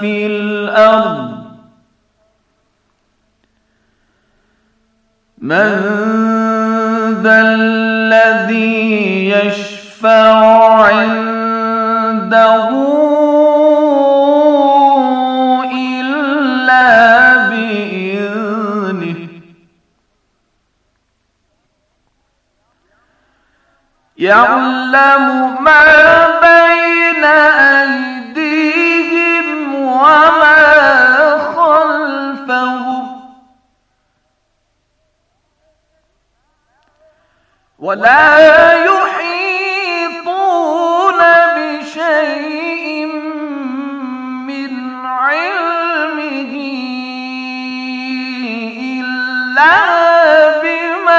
في الأرض من ذا الذي يشفع عنده إلا بإذنه يعلم ما ولا يحيطون بشيء من علمه إلا بما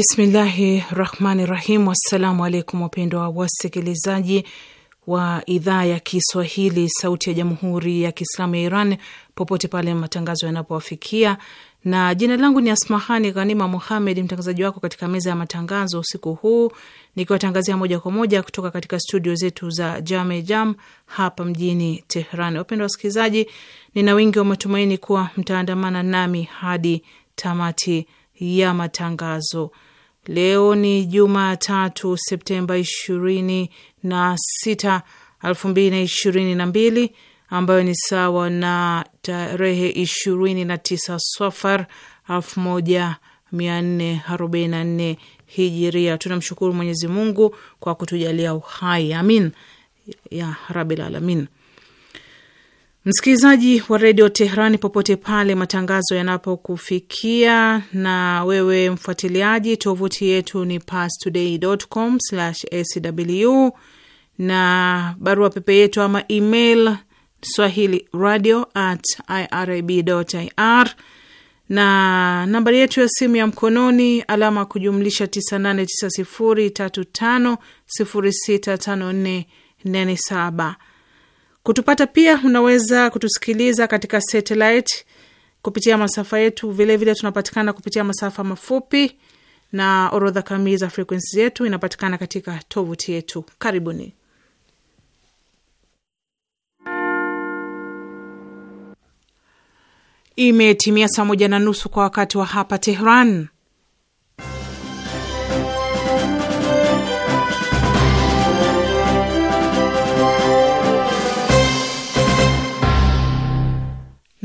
Bismillahi rahmani rahim. Wassalamu alaikum, wapendwa wasikilizaji wa idhaa ya Kiswahili sauti ya jamhuri ya Kiislamu ya Iran popote pale matangazo yanapowafikia, na jina langu ni Asmahani Ghanima Muhamed, mtangazaji wako katika meza ya matangazo usiku huu, nikiwatangazia moja kwa moja kutoka katika studio zetu za Jame Jam hapa mjini Tehran. Wapendwa wasikilizaji, nina wingi wa matumaini kuwa mtaandamana nami hadi tamati ya matangazo Leo ni Jumatatu, Septemba ishirini na sita elfu mbili na ishirini na mbili ambayo ni sawa na tarehe ishirini na tisa Safar alfu moja mia nne arobaini na nne hijiria. Tunamshukuru Mwenyezi Mungu kwa kutujalia uhai, amin ya rabil alamin. Msikilizaji wa redio Teherani, popote pale matangazo yanapokufikia, na wewe mfuatiliaji, tovuti yetu ni pastoday.com/sw na barua pepe yetu ama email swahili radio at irib.ir, na nambari yetu ya simu ya mkononi alama kujumlisha 989035065487 Kutupata pia unaweza kutusikiliza katika satellite kupitia masafa yetu. Vilevile vile tunapatikana kupitia masafa mafupi, na orodha kamili za frekuensi yetu inapatikana katika tovuti yetu. Karibuni. Imetimia saa moja na nusu kwa wakati wa hapa Tehran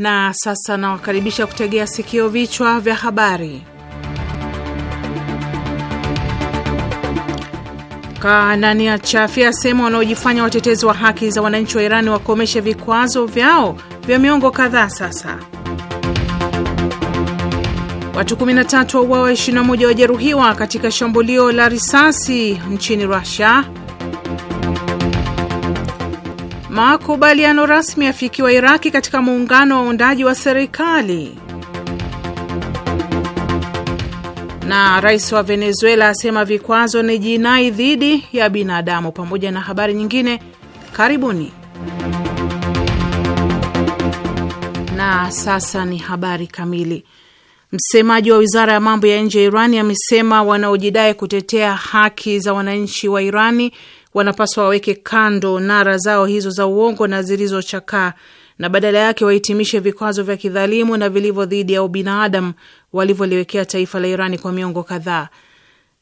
Na sasa nawakaribisha kutegea sikio vichwa vya habari. ya chafia asema wanaojifanya watetezi wa haki za wananchi wa Irani wakomeshe vikwazo vyao vya miongo kadhaa sasa. Watu 13 wauawa, 21 wajeruhiwa katika shambulio la risasi nchini rusia Makubaliano rasmi yafikiwa Iraki katika muungano wa uundaji wa serikali. Na rais wa Venezuela asema vikwazo ni jinai dhidi ya binadamu, pamoja na habari nyingine. Karibuni. Na sasa ni habari kamili. Msemaji wa wizara ya mambo ya nje ya Irani amesema wanaojidai kutetea haki za wananchi wa Irani wanapaswa waweke kando nara zao hizo za uongo na zilizochakaa na badala yake wahitimishe vikwazo vya kidhalimu na vilivyo dhidi ya ubinadamu walivyoliwekea taifa la Irani kwa miongo kadhaa.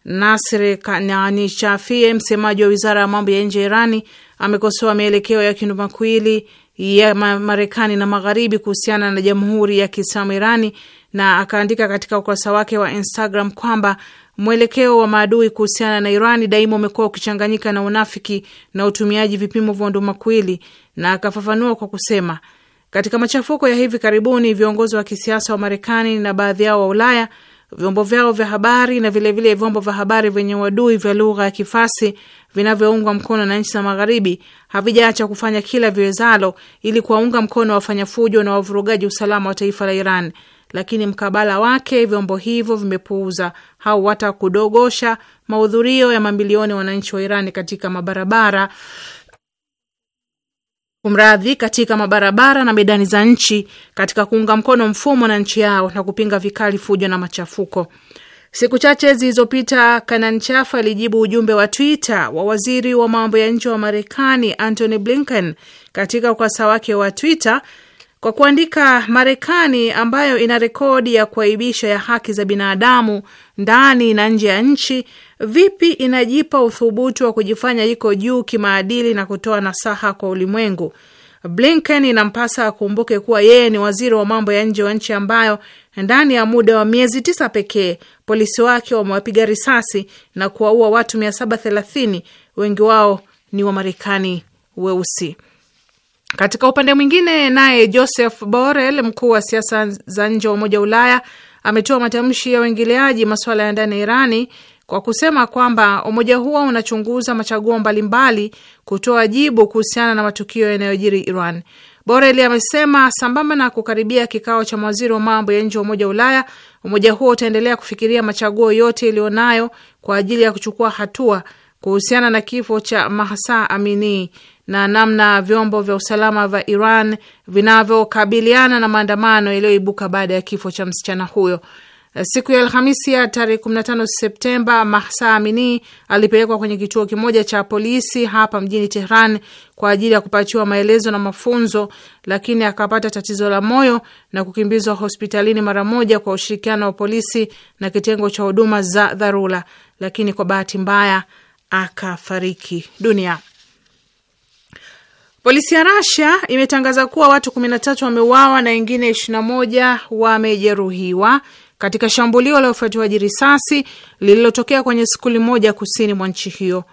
nasr Kanani Chafie, msemaji wa wizara ya mambo ya nje ya Irani, amekosoa mielekeo ya kindumakuwili ya Marekani na Magharibi kuhusiana na Jamhuri ya Kiislamu Irani na akaandika katika ukurasa wake wa Instagram kwamba Mwelekeo wa maadui kuhusiana na Irani daima umekuwa ukichanganyika na unafiki na utumiaji vipimo vya ndumakuwili, na akafafanua kwa kusema, katika machafuko ya hivi karibuni viongozi wa kisiasa wa Marekani na baadhi yao wa Ulaya, vyombo vyao vya habari na vilevile vile vyombo vya habari vyenye uadui vya lugha ya Kifasi vinavyoungwa mkono na nchi za Magharibi havijaacha kufanya kila viwezalo ili kuwaunga mkono wafanyafujo na wavurugaji usalama wa taifa la Iran lakini mkabala wake vyombo hivyo vimepuuza au hata kudogosha mahudhurio ya mamilioni wananchi wa Iran katika mabarabara kumradhi, katika mabarabara na medani za nchi katika kuunga mkono mfumo na nchi yao na kupinga vikali fujo na machafuko. Siku chache zilizopita Kanan Chafa alijibu ujumbe wa Twitter wa waziri wa mambo ya nje wa Marekani Antony Blinken. Katika ukurasa wake wa Twitter, kwa kuandika Marekani ambayo ina rekodi ya kuaibisha ya haki za binadamu ndani na nje ya nchi, vipi inajipa uthubutu wa kujifanya iko juu kimaadili na kutoa nasaha kwa ulimwengu? Blinken inampasa akumbuke kuwa yeye ni waziri wa mambo ya nje wa nchi ambayo ndani ya muda wa miezi tisa pekee polisi wake wamewapiga risasi na kuwaua watu 730 wengi wao ni Wamarekani weusi. Katika upande mwingine, naye Joseph Borrell, mkuu wa siasa za nje wa Umoja wa Ulaya, ametoa matamshi ya uingiliaji masuala ya ndani ya Irani kwa kusema kwamba umoja huo unachunguza machaguo mbalimbali kutoa jibu kuhusiana na matukio yanayojiri Iran. borel amesema sambamba na kukaribia kikao cha mawaziri wa mambo ya nje wa umoja wa Ulaya, umoja huo utaendelea kufikiria machaguo yote iliyonayo kwa ajili ya kuchukua hatua kuhusiana na kifo cha Mahsa Amini, na namna vyombo vya usalama vya Iran vinavyokabiliana na maandamano yaliyoibuka baada ya kifo cha msichana huyo. Siku ya Alhamisi ya tarehe 15 Septemba, Mahsa Amini alipelekwa kwenye kituo kimoja cha polisi hapa mjini Tehran kwa ajili ya kupatiwa maelezo na mafunzo, lakini akapata tatizo la moyo na kukimbizwa hospitalini mara moja kwa ushirikiano wa polisi na kitengo cha huduma za dharura, lakini kwa bahati mbaya akafariki dunia. Polisi ya Russia imetangaza kuwa watu 13 wameuawa na wengine 21 wamejeruhiwa katika shambulio la ufuatiwaji risasi lililotokea kwenye skuli moja kusini mwa nchi hiyo.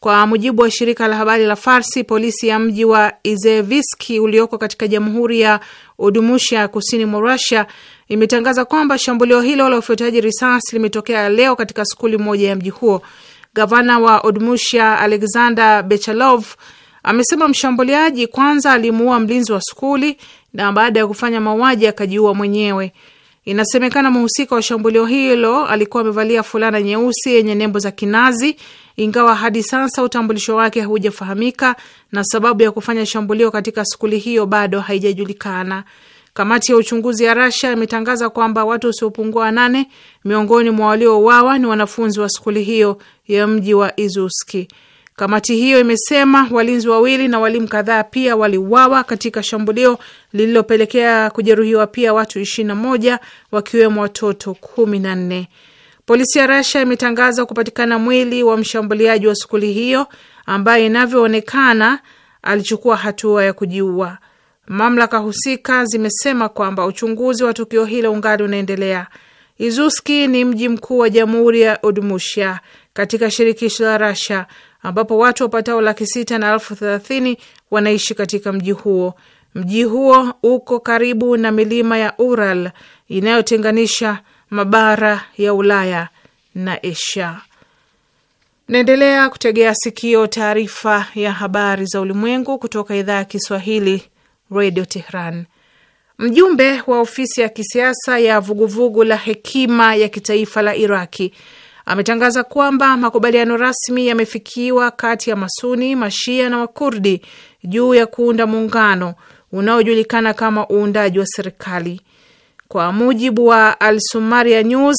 Kwa mujibu wa shirika la habari la Farsi, polisi ya mji wa Izeviski ulioko katika jamhuri ya Udumushia kusini mwa Rusia imetangaza kwamba shambulio hilo la ufuatiaji risasi limetokea leo katika skuli moja ya mji huo. Gavana wa Udumushia Alexander Bechalov amesema mshambuliaji kwanza alimuua mlinzi wa skuli na baada ya kufanya mauaji akajiua mwenyewe. Inasemekana mhusika wa shambulio hilo alikuwa amevalia fulana nyeusi yenye nembo za Kinazi, ingawa hadi sasa utambulisho wake haujafahamika na sababu ya kufanya shambulio katika skuli hiyo bado haijajulikana. Kamati ya uchunguzi ya rasia imetangaza kwamba watu wasiopungua nane miongoni mwa waliouawa ni wanafunzi wa skuli hiyo ya mji wa Izuski. Kamati hiyo imesema walinzi wawili na walimu kadhaa pia waliuawa katika shambulio lililopelekea kujeruhiwa pia watu 21 wakiwemo watoto 14. Polisi ya Russia imetangaza kupatikana mwili wa mshambuliaji wa skuli hiyo ambaye inavyoonekana alichukua hatua ya kujiua. Mamlaka husika zimesema kwamba uchunguzi wa tukio hilo ungali unaendelea. Izuski ni mji mkuu wa Jamhuri ya Udmushia katika shirikisho la Russia ambapo watu wapatao laki sita na elfu thelathini wanaishi katika mji huo. Mji huo uko karibu na milima ya Ural inayotenganisha mabara ya Ulaya na Asia. Naendelea kutegea sikio taarifa ya habari za ulimwengu kutoka idhaa ya Kiswahili, Radio Tehran. Mjumbe wa ofisi ya kisiasa ya vuguvugu la hekima ya kitaifa la Iraki ametangaza kwamba makubaliano rasmi yamefikiwa kati ya Masuni, Mashia na Wakurdi juu ya kuunda muungano unaojulikana kama uundaji wa serikali. Kwa mujibu wa Al Sumaria News,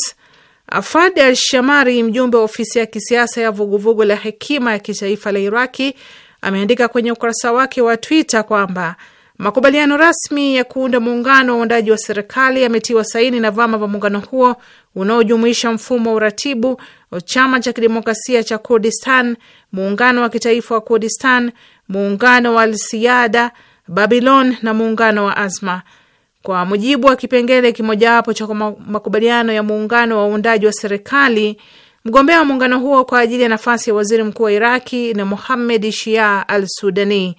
Afad Al Shamari, mjumbe wa ofisi ya kisiasa ya vuguvugu la hekima ya kitaifa la Iraki, ameandika kwenye ukurasa wake wa Twitter kwamba Makubaliano rasmi ya kuunda muungano wa uundaji wa serikali yametiwa saini na vyama vya muungano huo unaojumuisha mfumo wa uratibu, chama cha kidemokrasia cha Kurdistan, muungano wa kitaifa wa Kurdistan, muungano wa Alsiada, Babilon na muungano wa Azma. Kwa mujibu wa kipengele kimojawapo cha makubaliano ya muungano wa uundaji wa serikali, mgombea wa muungano huo kwa ajili ya nafasi ya waziri mkuu wa Iraki ni Muhammed Shia al Sudani.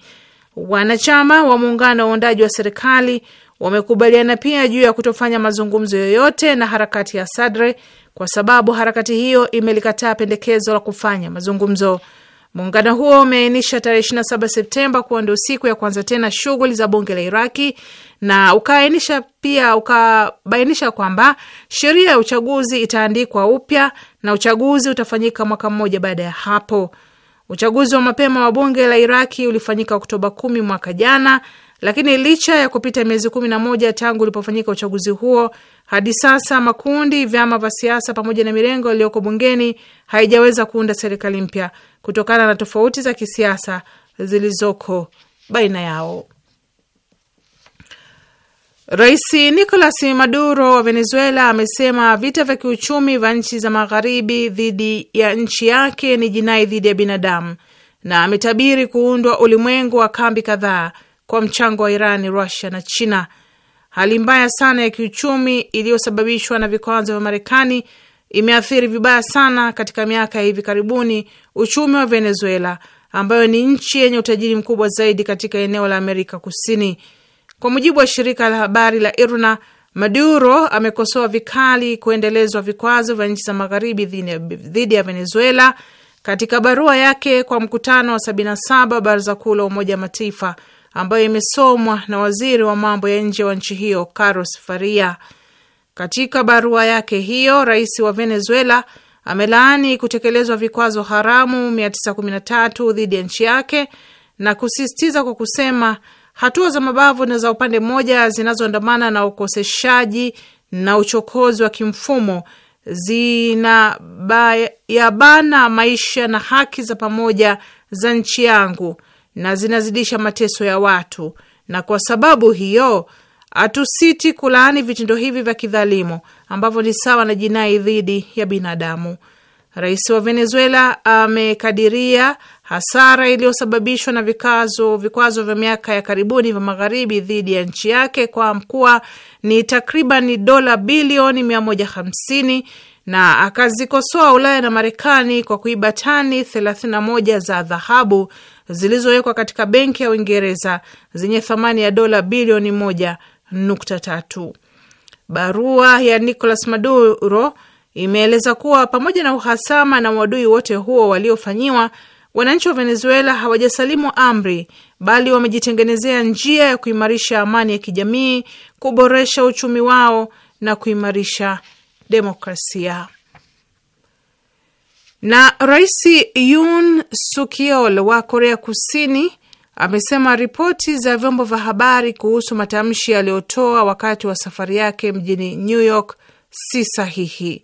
Wanachama wa muungano wa uundaji wa serikali wamekubaliana pia juu ya kutofanya mazungumzo yoyote na harakati ya Sadre kwa sababu harakati hiyo imelikataa pendekezo la kufanya mazungumzo. Muungano huo umeainisha tarehe 27 Septemba kuwa ndio siku ya kuanza tena shughuli za bunge la Iraki na ukaainisha pia ukabainisha kwamba sheria ya uchaguzi itaandikwa upya na uchaguzi utafanyika mwaka mmoja baada ya hapo. Uchaguzi wa mapema wa bunge la Iraki ulifanyika Oktoba kumi mwaka jana, lakini licha ya kupita miezi 11 tangu ulipofanyika uchaguzi huo, hadi sasa makundi, vyama vya siasa pamoja na mirengo iliyoko bungeni haijaweza kuunda serikali mpya kutokana na tofauti za kisiasa zilizoko baina yao. Rais Nicolas Maduro wa Venezuela amesema vita vya kiuchumi vya nchi za magharibi dhidi ya nchi yake ni jinai dhidi ya binadamu na ametabiri kuundwa ulimwengu wa kambi kadhaa kwa mchango wa Irani, Rusia na China. Hali mbaya sana ya kiuchumi iliyosababishwa na vikwazo vya Marekani imeathiri vibaya sana katika miaka ya hivi karibuni uchumi wa Venezuela, ambayo ni nchi yenye utajiri mkubwa zaidi katika eneo la Amerika Kusini. Kwa mujibu wa shirika la habari la IRNA, Maduro amekosoa vikali kuendelezwa vikwazo vya nchi za magharibi dhidi ya Venezuela katika barua yake kwa mkutano wa 77 wa baraza kuu la Umoja wa Mataifa ambayo imesomwa na waziri wa mambo ya nje wa nchi hiyo Carlos Faria. Katika barua yake hiyo, rais wa Venezuela amelaani kutekelezwa vikwazo haramu 913 dhidi ya nchi yake na kusisitiza kwa kusema Hatua za mabavu na za upande mmoja zinazoandamana na ukoseshaji na uchokozi wa kimfumo zinayabana maisha na haki za pamoja za nchi yangu na zinazidisha mateso ya watu, na kwa sababu hiyo hatusiti kulaani vitendo hivi vya kidhalimu ambavyo ni sawa na jinai dhidi ya binadamu. Rais wa Venezuela amekadiria hasara iliyosababishwa na vikazo vikwazo vya miaka ya karibuni vya magharibi dhidi ya nchi yake kwa mkuwa ni takriban dola bilioni 150 na akazikosoa Ulaya na Marekani kwa kuiba tani 31 za dhahabu zilizowekwa katika benki ya Uingereza zenye thamani ya dola bilioni 1.3. Barua ya Nicolas Maduro imeeleza kuwa pamoja na uhasama na uadui wote huo waliofanyiwa Wananchi wa Venezuela hawajasalimu amri, bali wamejitengenezea njia ya kuimarisha amani ya kijamii, kuboresha uchumi wao na kuimarisha demokrasia. Na Rais Yoon Suk Yeol wa Korea Kusini amesema ripoti za vyombo vya habari kuhusu matamshi aliyotoa wakati wa safari yake mjini New York si sahihi.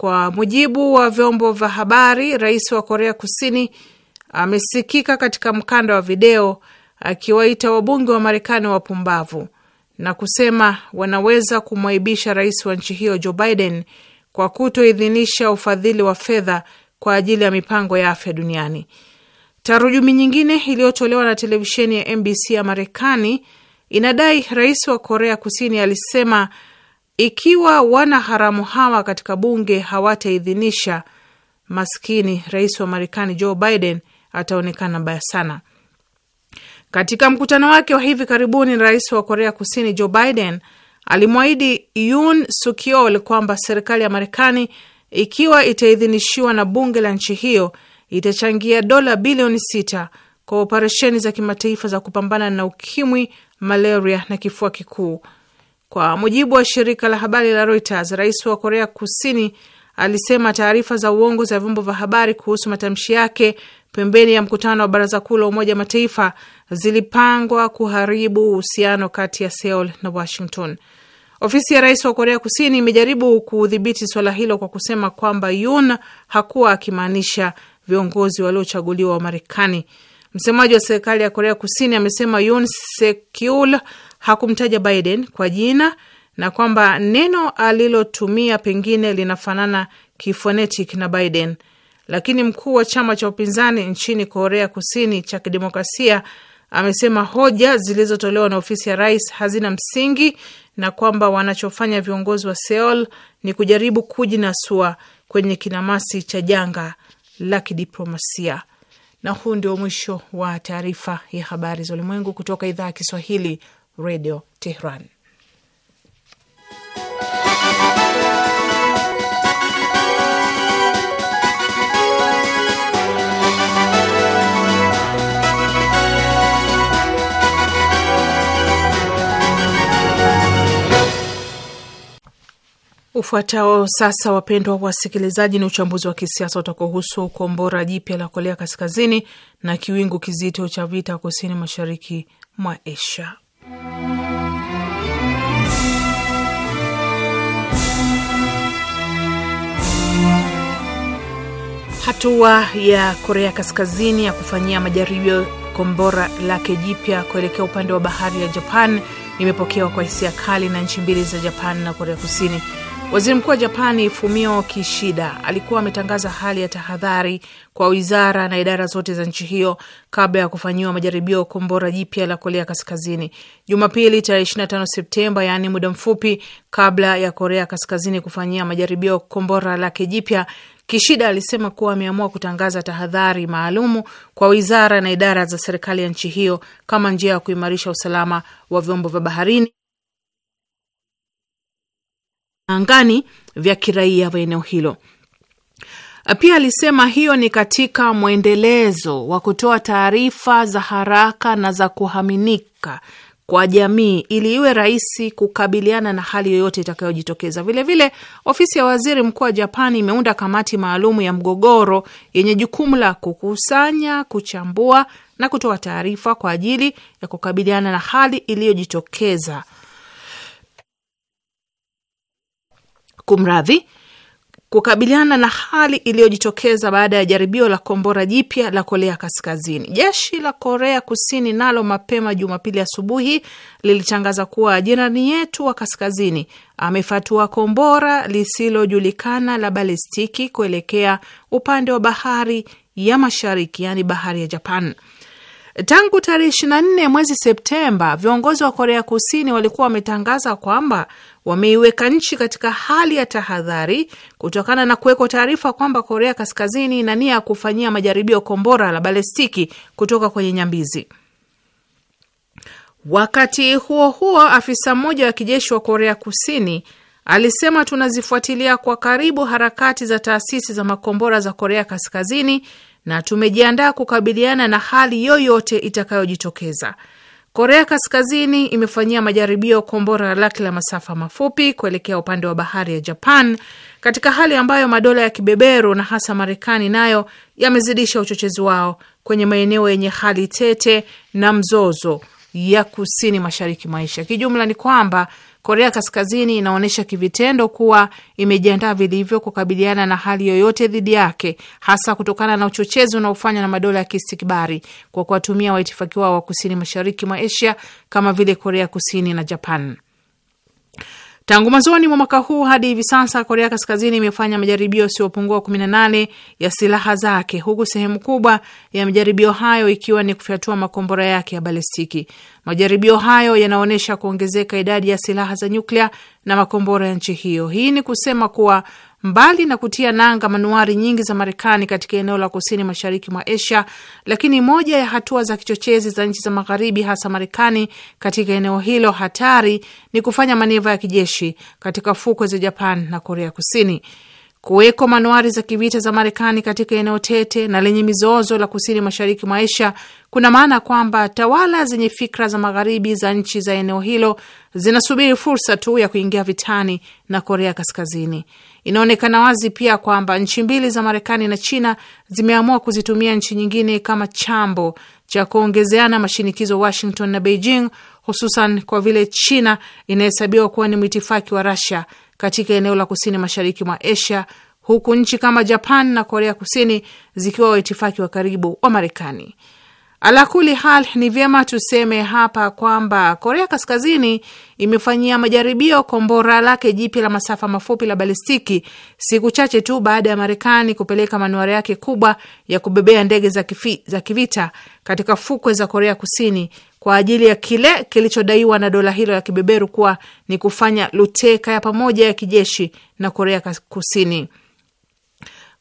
Kwa mujibu wa vyombo vya habari, rais wa Korea Kusini amesikika katika mkanda wa video akiwaita wabunge wa Marekani wapumbavu na kusema wanaweza kumwaibisha rais wa nchi hiyo Joe Biden kwa kutoidhinisha ufadhili wa fedha kwa ajili ya mipango ya afya duniani. Tarujumi nyingine iliyotolewa na televisheni ya MBC ya Marekani inadai rais wa Korea Kusini alisema ikiwa wana haramu hawa katika bunge hawataidhinisha, maskini rais wa Marekani Joe Biden ataonekana baya sana. Katika mkutano wake wa hivi karibuni, rais wa Korea Kusini Joe Biden alimwahidi Yoon Sukiol kwamba serikali ya Marekani, ikiwa itaidhinishiwa na bunge la nchi hiyo, itachangia dola bilioni sita kwa operesheni za kimataifa za kupambana na ukimwi, malaria na kifua kikuu. Kwa mujibu wa shirika la habari la Reuters, rais wa Korea Kusini alisema taarifa za uongo za vyombo vya habari kuhusu matamshi yake pembeni ya mkutano wa baraza kuu la Umoja wa Mataifa zilipangwa kuharibu uhusiano kati ya Seoul na Washington. Ofisi ya rais wa Korea Kusini imejaribu kudhibiti swala hilo kwa kusema kwamba Yun hakuwa akimaanisha viongozi waliochaguliwa wa Marekani. Msemaji wa serikali ya Korea Kusini amesema Yun Sekyul hakumtaja Biden kwa jina na kwamba neno alilotumia pengine linafanana kifonetic na Biden, lakini mkuu wa chama cha upinzani nchini Korea Kusini cha Kidemokrasia amesema hoja zilizotolewa na ofisi ya rais hazina msingi na kwamba wanachofanya viongozi wa Seoul ni kujaribu kujinasua kwenye kinamasi cha janga la kidiplomasia. Na huu ndio mwisho wa taarifa ya habari za ulimwengu kutoka idhaa ya Kiswahili Redio Tehran. Ufuatao sasa, wapendwa wasikilizaji, ni uchambuzi wa kisiasa utakohusu kombora jipya la Korea Kaskazini na kiwingu kizito cha vita kusini mashariki mwa Asia. Hatua ya Korea Kaskazini ya kufanyia majaribio kombora lake jipya kuelekea upande wa bahari ya Japan imepokewa kwa hisia kali na nchi mbili za Japan na Korea Kusini. Waziri mkuu wa Japani Fumio Kishida alikuwa ametangaza hali ya tahadhari kwa wizara na idara zote za nchi hiyo kabla ya kufanyiwa majaribio kombora jipya la Korea Kaskazini Jumapili tarehe 25 Septemba, yaani muda mfupi kabla ya Korea Kaskazini kufanyia majaribio kombora lake jipya. Kishida alisema kuwa ameamua kutangaza tahadhari maalumu kwa wizara na idara za serikali ya nchi hiyo kama njia ya kuimarisha usalama wa vyombo vya baharini angani vya kiraia vya eneo hilo. Pia alisema hiyo ni katika mwendelezo wa kutoa taarifa za haraka na za kuaminika kwa jamii ili iwe rahisi kukabiliana na hali yoyote itakayojitokeza. Vilevile, ofisi ya waziri mkuu wa Japani imeunda kamati maalum ya mgogoro yenye jukumu la kukusanya, kuchambua na kutoa taarifa kwa ajili ya kukabiliana na hali iliyojitokeza kumradhi, kukabiliana na hali iliyojitokeza baada ya jaribio la kombora jipya la Korea Kaskazini. Jeshi la Korea Kusini nalo mapema Jumapili asubuhi lilitangaza kuwa jirani yetu wa kaskazini amefatua kombora lisilojulikana la balistiki kuelekea upande wa bahari ya mashariki, yaani bahari ya Japan. Tangu tarehe 24 mwezi Septemba, viongozi wa Korea Kusini walikuwa wametangaza kwamba wameiweka nchi katika hali ya tahadhari kutokana na kuwekwa taarifa kwamba Korea Kaskazini ina nia ya kufanyia majaribio kombora la balestiki kutoka kwenye nyambizi. Wakati huo huo, afisa mmoja wa kijeshi wa Korea Kusini alisema tunazifuatilia kwa karibu harakati za taasisi za makombora za Korea Kaskazini na tumejiandaa kukabiliana na hali yoyote itakayojitokeza. Korea Kaskazini imefanyia majaribio kombora lake la masafa mafupi kuelekea upande wa bahari ya Japan, katika hali ambayo madola ya kibeberu na hasa Marekani nayo yamezidisha uchochezi wao kwenye maeneo yenye hali tete na mzozo ya kusini mashariki maisha. Kijumla ni kwamba Korea Kaskazini inaonyesha kivitendo kuwa imejiandaa vilivyo kukabiliana na hali yoyote dhidi yake, hasa kutokana na uchochezi unaofanywa na madola ya kistikbari kwa kuwatumia waitifaki wao wa kusini mashariki mwa Asia kama vile Korea Kusini na Japan. Tangu mwanzoni mwa mwaka huu hadi hivi sasa Korea Kaskazini imefanya majaribio yasiyopungua 18 ya silaha zake, huku sehemu kubwa ya majaribio hayo ikiwa ni kufyatua makombora yake ya balistiki. Majaribio hayo yanaonyesha kuongezeka idadi ya silaha za nyuklia na makombora ya nchi hiyo. Hii ni kusema kuwa Mbali na kutia nanga manuari nyingi za Marekani katika eneo la kusini mashariki mwa Asia, lakini moja ya hatua za kichochezi za nchi za magharibi, hasa Marekani, katika eneo hilo hatari ni kufanya maneva ya kijeshi katika fukwe za Japan na Korea Kusini. Kuweko manuari za kivita za Marekani katika eneo tete na lenye mizozo la kusini mashariki mwa Asia kuna maana kwamba tawala zenye fikra za magharibi za nchi za eneo hilo zinasubiri fursa tu ya kuingia vitani na Korea Kaskazini. Inaonekana wazi pia kwamba nchi mbili za Marekani na China zimeamua kuzitumia nchi nyingine kama chambo cha kuongezeana mashinikizo Washington na Beijing, hususan kwa vile China inahesabiwa kuwa ni mwitifaki wa Russia katika eneo la kusini mashariki mwa Asia, huku nchi kama Japan na Korea Kusini zikiwa waitifaki wa karibu wa Marekani. Alakuli hal, ni vyema tuseme hapa kwamba Korea Kaskazini imefanyia majaribio kombora lake jipya la masafa mafupi la balistiki siku chache tu baada ya Marekani kupeleka manuari yake kubwa ya kubebea ndege za, za kivita katika fukwe za Korea Kusini kwa ajili ya kile kilichodaiwa na dola hilo la kibeberu kuwa ni kufanya luteka ya pamoja ya kijeshi na Korea Kusini.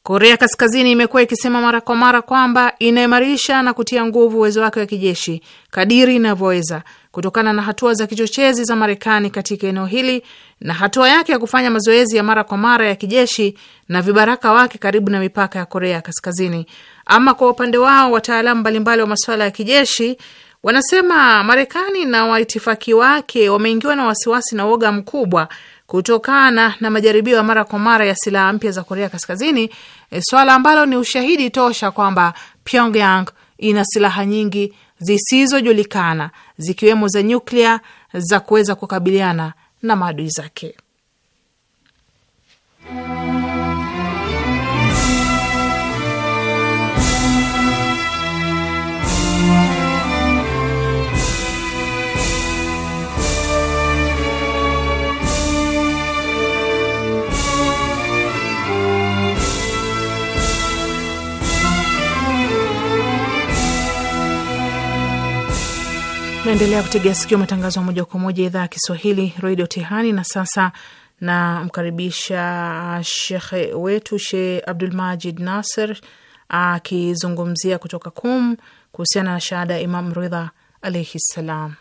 Korea Kaskazini imekuwa ikisema mara kwa mara kwamba inaimarisha na kutia nguvu uwezo wake wa kijeshi kadiri inavyoweza kutokana na hatua za kichochezi za Marekani katika eneo hili na hatua yake ya kufanya mazoezi ya mara kwa mara ya kijeshi na vibaraka wake karibu na mipaka ya Korea Kaskazini. Ama kwa upande wao, wataalamu mbalimbali wa masuala ya kijeshi Wanasema Marekani na waitifaki wake wameingiwa na wasiwasi na uoga mkubwa kutokana na majaribio ya mara kwa mara ya silaha mpya za Korea Kaskazini, eh, swala ambalo ni ushahidi tosha kwamba Pyongyang ina silaha nyingi zisizojulikana zikiwemo za nyuklia za kuweza kukabiliana na maadui zake. Naendelea kutegea sikio matangazo ya moja kwa moja idhaa ya Kiswahili redio Tehani. Na sasa namkaribisha shekhe wetu Sheh Abdul Majid Nasser akizungumzia kutoka Kum kuhusiana na shahada ya Imam Ridha alaihi ssalam.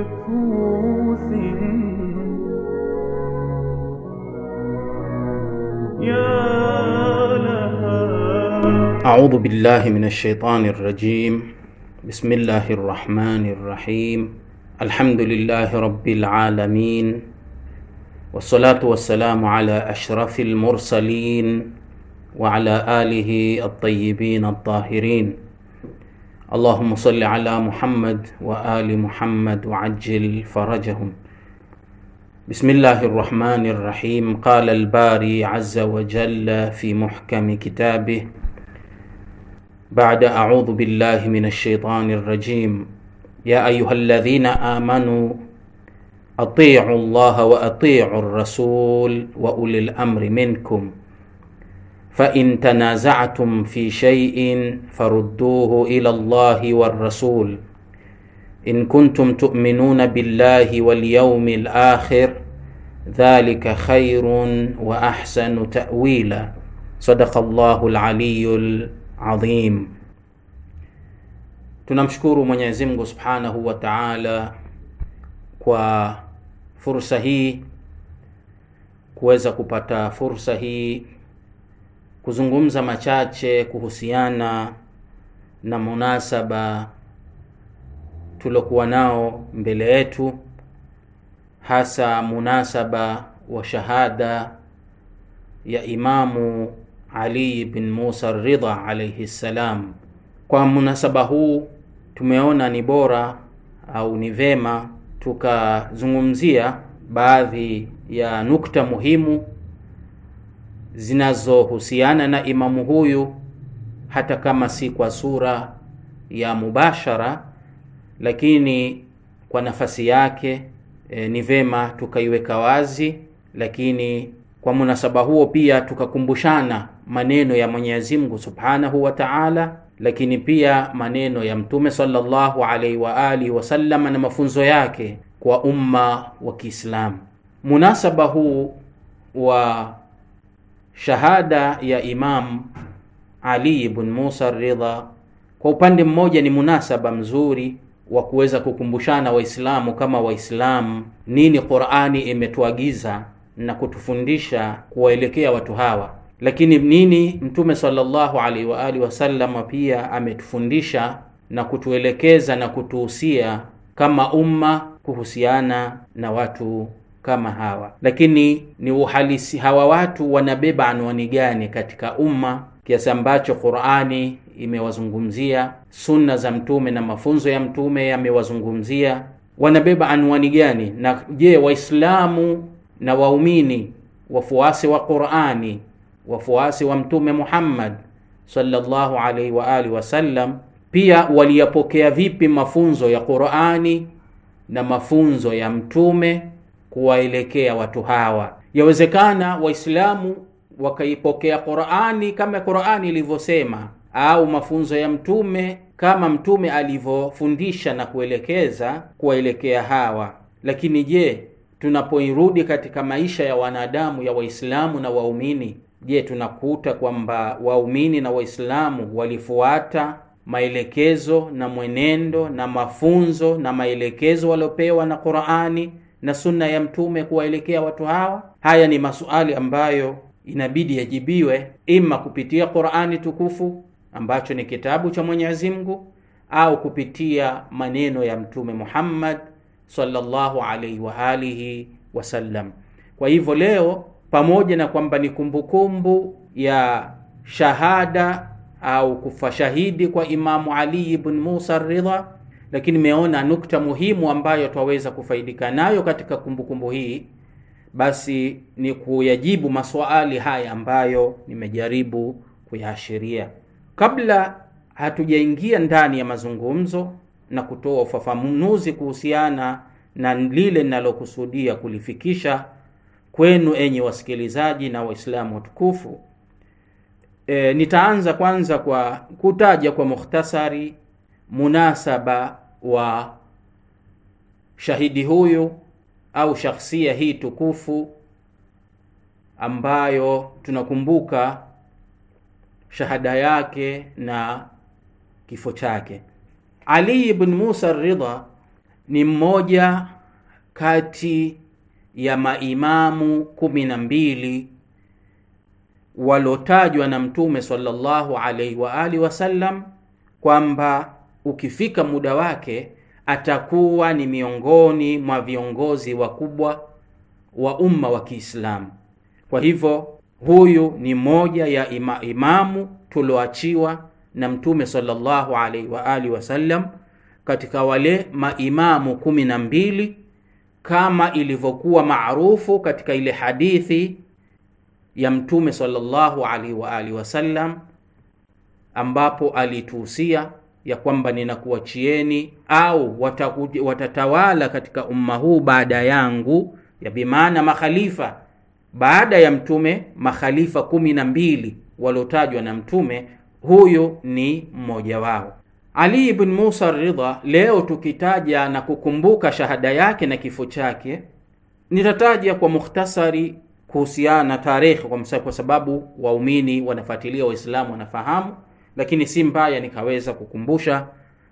يا لها أعوذ بالله من الشيطان الرجيم بسم الله الرحمن الرحيم الحمد لله رب العالمين والصلاة والسلام على أشرف المرسلين وعلى آله الطيبين الطاهرين اللهم صل على محمد وآل محمد وعجل فرجهم بسم الله الرحمن الرحيم قال الباري عز وجل في محكم كتابه بعد أعوذ بالله من الشيطان الرجيم يا أيها الذين آمنوا أطيعوا الله وأطيعوا الرسول وأولي الأمر منكم فان تنازعتم في شيء فردوه الى الله والرسول ان كنتم تؤمنون بالله واليوم الاخر ذلك خير واحسن تاويلا صدق الله العلي العظيم تنمشكور من يزمه سبحانه وتعالى taala kwa fursa hii kuweza kupata fursa hii kuzungumza machache kuhusiana na munasaba tulokuwa nao mbele yetu hasa munasaba wa shahada ya imamu ali bin musa ridha alaihi ssalam kwa munasaba huu tumeona ni bora au ni vema tukazungumzia baadhi ya nukta muhimu zinazohusiana na imamu huyu, hata kama si kwa sura ya mubashara, lakini kwa nafasi yake e, ni vema tukaiweka wazi, lakini kwa munasaba huo pia tukakumbushana maneno ya Mwenyezi Mungu Subhanahu wa Ta'ala, lakini pia maneno ya Mtume sallallahu alaihi wa alihi wasallam na mafunzo yake kwa umma wa Kiislamu. Munasaba huu wa shahada ya Imam Ali ibn Musa Ridha kwa upande mmoja ni munasaba mzuri wa kuweza kukumbushana Waislamu kama Waislamu nini Qur'ani imetuagiza na kutufundisha kuwaelekea watu hawa, lakini nini Mtume sallallahu alaihi wa alihi wasallam pia ametufundisha na kutuelekeza na kutuhusia kama umma kuhusiana na watu kama hawa, lakini ni uhalisi hawa watu wanabeba anwani gani katika umma kiasi ambacho Qur'ani imewazungumzia, sunna za mtume na mafunzo ya mtume yamewazungumzia, wanabeba anwani gani? Na je, Waislamu na waumini wafuasi wa Qur'ani, wafuasi wa mtume Muhammad sallallahu alaihi wa alihi wasallam pia waliyapokea vipi mafunzo ya Qur'ani na mafunzo ya mtume kuwaelekea watu hawa. Yawezekana Waislamu wakaipokea Qur'ani kama Qur'ani ilivyosema au mafunzo ya mtume kama mtume alivyofundisha na kuelekeza kuwaelekea hawa. Lakini je, tunapoirudi katika maisha ya wanadamu ya Waislamu na waumini, je, tunakuta kwamba waumini na Waislamu walifuata maelekezo na mwenendo na mafunzo na maelekezo waliopewa na Qur'ani na sunna ya mtume kuwaelekea watu hawa? Haya ni masuali ambayo inabidi yajibiwe ima kupitia Qur'ani tukufu ambacho ni kitabu cha Mwenyezi Mungu au kupitia maneno ya Mtume Muhammad sallallahu alaihi wa alihi wasallam. Kwa hivyo leo, pamoja na kwamba ni kumbukumbu ya shahada au kufa shahidi kwa Imamu Ali ibn Musa Ridha lakini nimeona nukta muhimu ambayo twaweza kufaidika nayo katika kumbukumbu kumbu hii basi ni kuyajibu maswali haya ambayo nimejaribu kuyaashiria. Kabla hatujaingia ndani ya mazungumzo na kutoa ufafanuzi kuhusiana na lile ninalokusudia kulifikisha kwenu, enyi wasikilizaji na Waislamu watukufu, e, nitaanza kwanza kwa kutaja kwa mukhtasari munasaba wa shahidi huyu au shakhsia hii tukufu ambayo tunakumbuka shahada yake na kifo chake. Ali ibn Musa Ridha ni mmoja kati ya maimamu kumi na mbili walotajwa na Mtume sallallahu alaihi wa alihi wasallam kwamba ukifika muda wake atakuwa ni miongoni mwa viongozi wakubwa wa umma wa Kiislamu. Kwa hivyo huyu ni moja ya ima, imamu tulioachiwa na Mtume sallallahu alaihi wa alihi wasallam katika wale maimamu kumi na mbili kama ilivyokuwa maarufu katika ile hadithi ya Mtume sallallahu alaihi wa alihi wasallam ambapo alituhusia ya kwamba ninakuachieni au watakuja, watatawala katika umma huu baada yangu, ya bimaana makhalifa baada ya mtume, makhalifa kumi na mbili waliotajwa na mtume, huyu ni mmoja wao Ali ibn Musa Ridha. Leo tukitaja na kukumbuka shahada yake na kifo chake, nitataja kwa mukhtasari kuhusiana na tarehe, kwa sababu waumini wanafuatilia, Waislamu wanafahamu lakini si mbaya nikaweza kukumbusha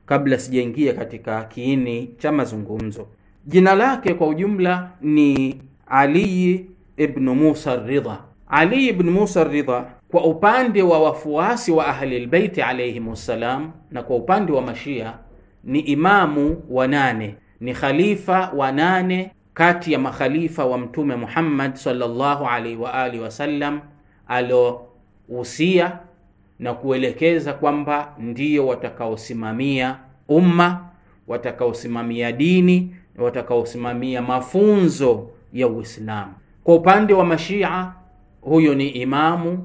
kabla sijaingia katika kiini cha mazungumzo. Jina lake kwa ujumla ni Ali ibn Musa Ridha. Ali ibn Musa Ridha kwa upande wa wafuasi wa Ahlilbeiti alayhim wassalam, na kwa upande wa Mashia ni imamu wa nane, ni khalifa wa nane kati ya makhalifa wa Mtume Muhammad sallallahu alaihi wa alihi wasallam aliohusia na kuelekeza kwamba ndio watakaosimamia umma, watakaosimamia dini, watakaosimamia mafunzo ya Uislamu. Kwa upande wa Mashia, huyo ni imamu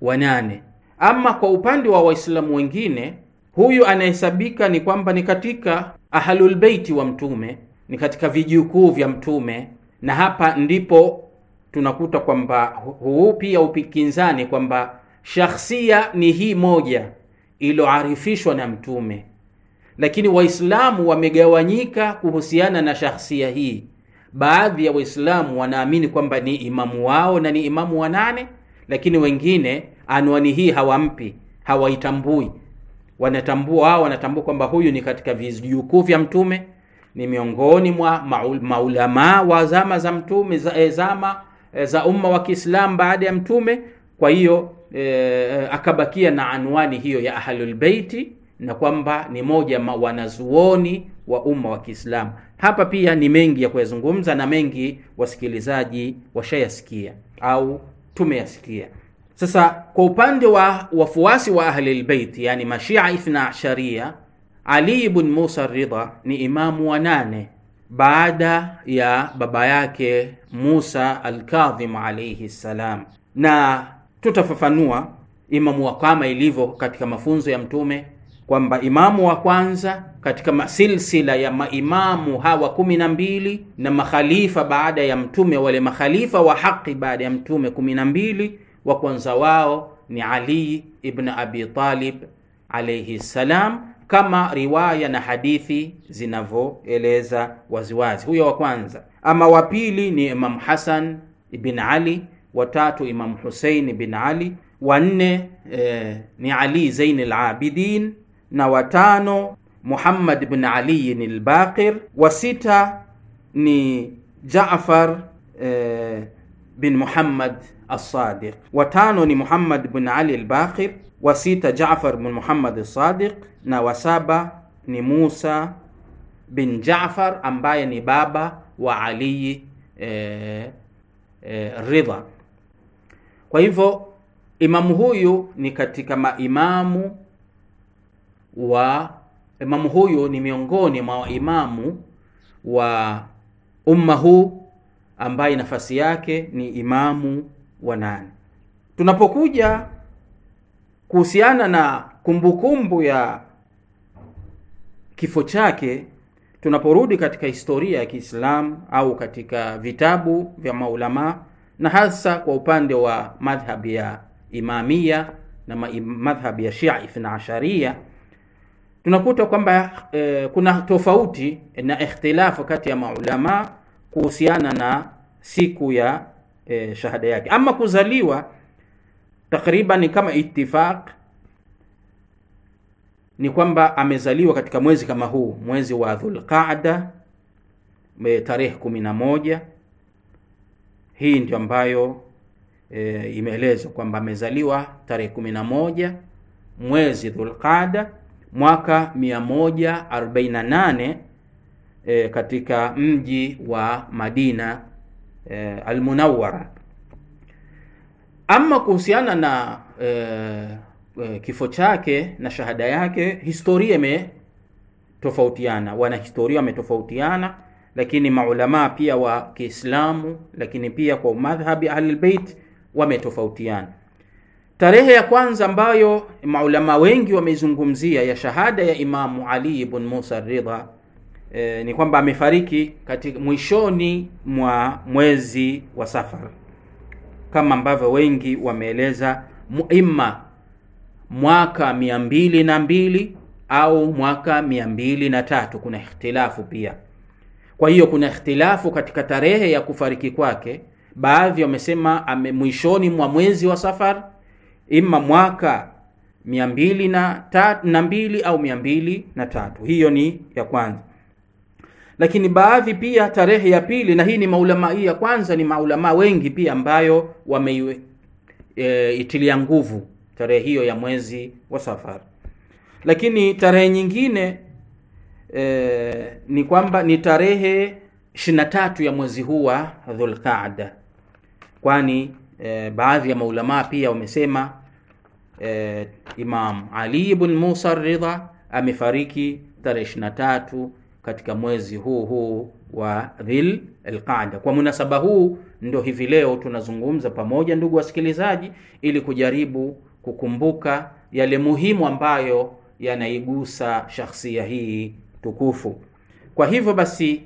wa nane. Ama kwa upande wa Waislamu wengine, huyu anahesabika ni kwamba ni katika ahlulbeiti wa Mtume, ni katika vijukuu vya Mtume, na hapa ndipo tunakuta kwamba huu pia upikinzani kwamba shakhsia ni hii moja iliyoarifishwa na Mtume, lakini Waislamu wamegawanyika kuhusiana na shakhsia hii. Baadhi ya Waislamu wanaamini kwamba ni imamu wao na ni imamu wa nane, lakini wengine anwani hii hawampi, hawaitambui. Wanatambua wao wanatambua kwamba huyu ni katika vijukuu vya Mtume, ni miongoni mwa maulamaa wa zama za Mtume za, eh, zama eh, za umma wa Kiislamu baada ya Mtume. Kwa hiyo e, akabakia na anwani hiyo ya Ahlul Baiti na kwamba ni moja ma wanazuoni wa umma wa Kiislamu. Hapa pia ni mengi ya kuyazungumza na mengi wasikilizaji washayasikia au tumeyasikia. Sasa kwa upande wa wafuasi wa Ahlul Bait, yani Mashia Ithna Asharia, Ali ibn Musa Ridha ni imamu wa nane baada ya baba yake Musa Alkadhim alayhi salam na tutafafanua imamu wa kama ilivyo katika mafunzo ya Mtume kwamba imamu wa kwanza katika masilsila ya maimamu hawa kumi na mbili na makhalifa baada ya Mtume, wale makhalifa wa haki baada ya Mtume kumi na mbili, wa kwanza wao ni Ali ibn Abi Talib alayhi salam, kama riwaya na hadithi zinavyoeleza waziwazi. Huyo wa kwanza. Ama wa pili ni Imam Hasan ibn Ali watatu Imam Hussein bin Ali, wanne e, ni Ali Zain al-Abidin, na watano Muhammad bin Ali al-Baqir, wa sita ni Jaafar e, bin Muhammad as-Sadiq, watano ni Muhammad bin Ali al-Baqir, wa sita Jaafar bin Muhammad as-Sadiq, na wasaba ni Musa bin Jaafar ambaye ni baba wa Ali e, e, Ridha. Kwa hivyo imamu huyu ni katika maimamu wa imamu huyu ni miongoni mwa waimamu wa umma huu ambaye nafasi yake ni imamu wa nane. Tunapokuja kuhusiana na kumbukumbu kumbu ya kifo chake, tunaporudi katika historia ya Kiislamu au katika vitabu vya maulamaa na hasa kwa upande wa madhhab ya Imamia na madhhab ya Shia Ithna Asharia tunakuta kwamba e, kuna tofauti na ikhtilafu kati ya maulama kuhusiana na siku ya e, shahada yake. Ama kuzaliwa takriban kama ittifaq ni kwamba amezaliwa katika mwezi kama huu, mwezi wa Dhulqaada e, tarehe kumi na moja hii ndio ambayo e, imeelezwa kwamba amezaliwa tarehe 11 moja mwezi Dhulqada mwaka 148 e, katika mji wa Madina e, Almunawara. Ama kuhusiana na e, e, kifo chake na shahada yake, historia imetofautiana, wanahistoria wametofautiana lakini maulamaa pia wa Kiislamu, lakini pia kwa madhhabi ahlilbeit wametofautiana. Tarehe ya kwanza ambayo maulamaa wengi wameizungumzia ya shahada ya Imamu Ali ibn Musa Ridha e, ni kwamba amefariki katika mwishoni mwa mwezi wa Safar kama ambavyo wengi wameeleza, ima mwaka mia mbili na mbili au mwaka mia mbili na tatu. Kuna ikhtilafu pia kwa hiyo kuna ikhtilafu katika tarehe ya kufariki kwake. Baadhi wamesema mwishoni mwa mwezi wa Safar, ima mwaka mia mbili na na mbili au mia mbili na tatu. Hiyo ni ya kwanza, lakini baadhi pia tarehe ya pili, na hii ni maulama, hii ya kwanza ni maulama wengi pia ambayo wameitilia e, nguvu tarehe hiyo ya mwezi wa Safar, lakini tarehe nyingine e, ni kwamba ni tarehe 23 ya mwezi huu wa Dhulqaada, kwani e, baadhi ya maulamaa pia wamesema e, Imam Ali ibn Musa Ridha amefariki tarehe 23 katika mwezi huu huu wa Dhil Alqaada. Kwa munasaba huu ndio hivi leo tunazungumza pamoja, ndugu wasikilizaji, ili kujaribu kukumbuka yale muhimu ambayo yanaigusa shakhsia hii tukufu. Kwa hivyo basi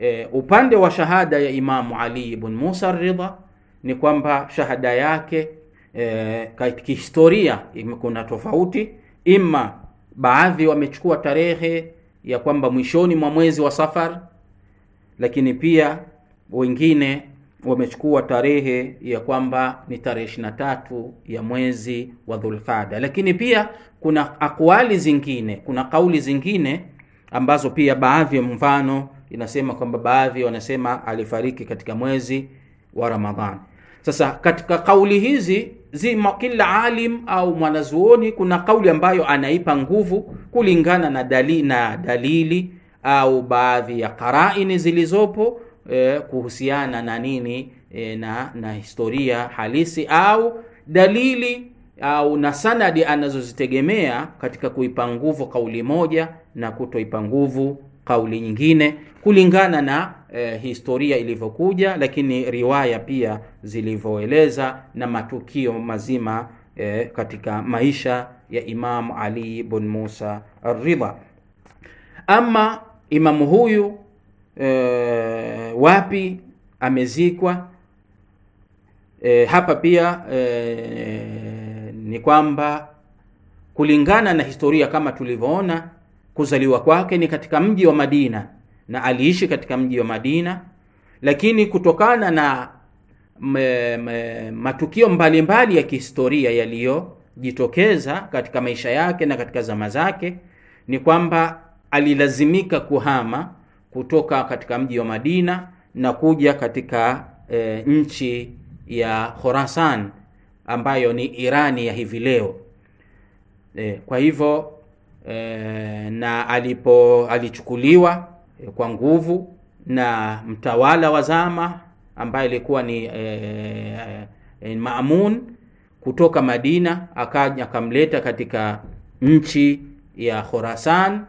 e, upande wa shahada ya Imamu Ali ibn Musa Ridha ni kwamba shahada yake e, kihistoria kuna tofauti, ima baadhi wamechukua tarehe ya kwamba mwishoni mwa mwezi wa Safar, lakini pia wengine wamechukua tarehe ya kwamba ni tarehe ishirini na tatu ya mwezi wa Dhulqada, lakini pia kuna akwali zingine, kuna kauli zingine ambazo pia baadhi ya mfano inasema kwamba baadhi wanasema alifariki katika mwezi wa ramadhan Sasa katika kauli hizi zima, kila alim au mwanazuoni kuna kauli ambayo anaipa nguvu kulingana na dalili, na dalili au baadhi ya qaraini zilizopo eh, kuhusiana na nini eh, na na historia halisi au dalili au na sanadi anazozitegemea katika kuipa nguvu kauli moja na kutoipa nguvu kauli nyingine kulingana na e, historia ilivyokuja, lakini riwaya pia zilivyoeleza na matukio mazima e, katika maisha ya Imam Ali ibn Musa Ar-Ridha. Ama imamu huyu e, wapi amezikwa? E, hapa pia e, ni kwamba kulingana na historia kama tulivyoona, kuzaliwa kwake ni katika mji wa Madina na aliishi katika mji wa Madina, lakini kutokana na me, me, matukio mbalimbali mbali ya kihistoria yaliyojitokeza katika maisha yake na katika zama zake, ni kwamba alilazimika kuhama kutoka katika mji wa Madina na kuja katika e, nchi ya Khorasan ambayo ni Irani ya hivi leo. E, kwa hivyo e, na alipo alichukuliwa e, kwa nguvu na mtawala wa zama ambaye alikuwa ni e, e, e Maamun kutoka Madina akaja akamleta katika nchi ya Khorasan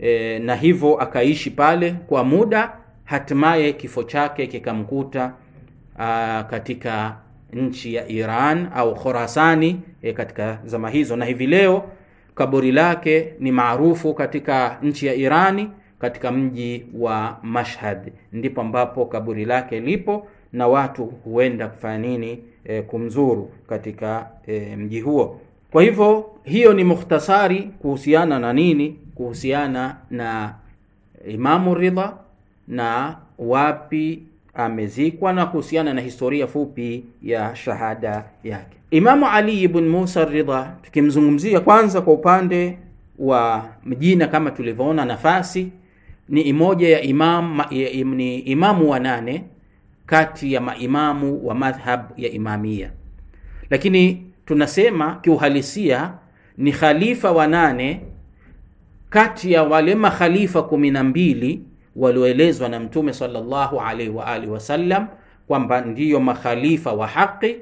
e, na hivyo akaishi pale kwa muda, hatimaye kifo chake kikamkuta katika nchi ya Iran au Khorasani e, katika zama hizo, na hivi leo kaburi lake ni maarufu katika nchi ya Irani katika mji wa Mashhad, ndipo ambapo kaburi lake lipo na watu huenda kufanya nini? E, kumzuru katika e, mji huo. Kwa hivyo hiyo ni mukhtasari kuhusiana na nini? Kuhusiana na Imamu Ridha na wapi amezikwa na kuhusiana na historia fupi ya shahada yake. Imamu Ali ibn Musa Ridha, tukimzungumzia kwanza kwa upande wa Mjina, kama tulivyoona, nafasi ni imoja ya imam, ya im, ni imamu wa nane kati ya maimamu wa madhhab ya Imamia, lakini tunasema kiuhalisia ni khalifa wa nane kati ya wale makhalifa kumi na mbili walioelezwa na Mtume sallallahu alaihi wa alihi wasallam kwamba ndiyo makhalifa wa haki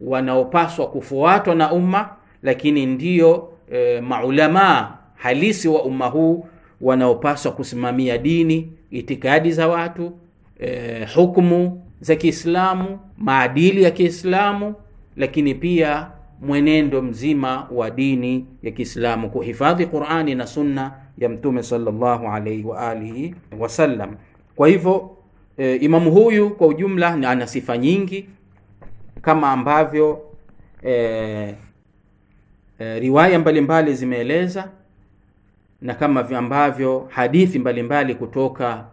wanaopaswa kufuatwa na umma, lakini ndiyo e, eh, maulamaa halisi wa umma huu wanaopaswa kusimamia dini, itikadi za watu, e, hukumu za Kiislamu, maadili ya Kiislamu, lakini pia mwenendo mzima wa dini ya Kiislamu, kuhifadhi Qur'ani na sunna ya Mtume sallallahu alaihi wa alihi wasallam. Kwa hivyo e, imamu huyu kwa ujumla ana sifa nyingi kama ambavyo e, e, riwaya mbalimbali zimeeleza na kama ambavyo hadithi mbalimbali mbali kutoka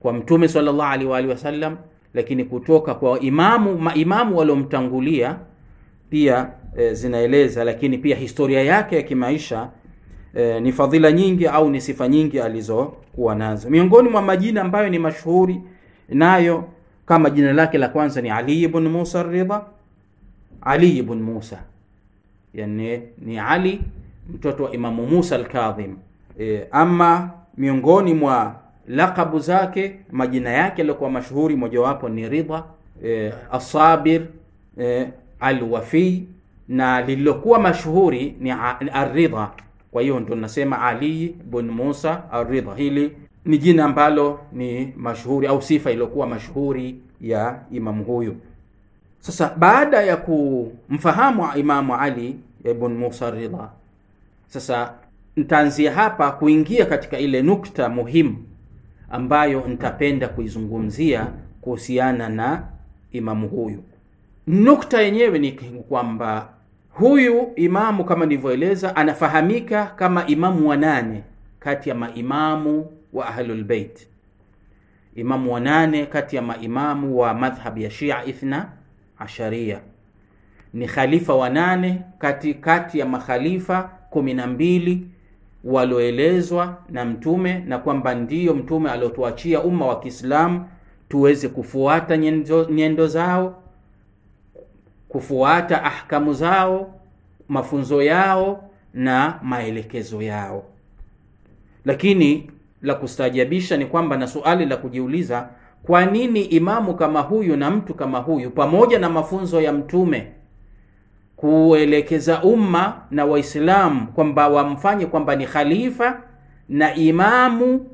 kwa Mtume sallallahu alaihi wa alihi wasallam, lakini kutoka kwa imamu maimamu waliomtangulia pia e, zinaeleza, lakini pia historia yake ya kimaisha e, ni fadhila nyingi au ni sifa nyingi alizokuwa nazo. Miongoni mwa majina ambayo ni mashuhuri nayo kama jina lake la kwanza ni Ali ibn Musa Ridha, Ali ibn Musa yani ni Ali mtoto wa Imamu Musa al-Kadhim. E, ama miongoni mwa lakabu zake majina yake yaliokuwa mashuhuri mojawapo ni Ridha, e, Asabir, e, Alwafi na lililokuwa mashuhuri ni Aridha. Kwa hiyo ndo nasema Ali bin Musa aridha hili ni jina ambalo ni mashuhuri au sifa iliyokuwa mashuhuri ya imamu huyu. Sasa baada ya kumfahamu Imamu Ali ibn Musa Ridha, sasa nitaanzia hapa kuingia katika ile nukta muhimu ambayo nitapenda kuizungumzia kuhusiana na imamu huyu. Nukta yenyewe ni kwamba huyu imamu kama nilivyoeleza, anafahamika kama imamu wa nane kati ya maimamu wa Ahlulbeit, imamu wa nane kati ya maimamu wa madhhab ya Shia Ithna Asharia, ni khalifa wa nane kati kati ya makhalifa kumi na mbili walioelezwa na Mtume na kwamba ndiyo Mtume aliotuachia umma wa Kiislamu tuweze kufuata nyendo, nyendo zao kufuata ahkamu zao, mafunzo yao na maelekezo yao. Lakini la kustaajabisha ni kwamba, na suali la kujiuliza, kwa nini imamu kama huyu na mtu kama huyu, pamoja na mafunzo ya Mtume kuelekeza umma na Waislamu kwamba wamfanye kwamba ni khalifa na imamu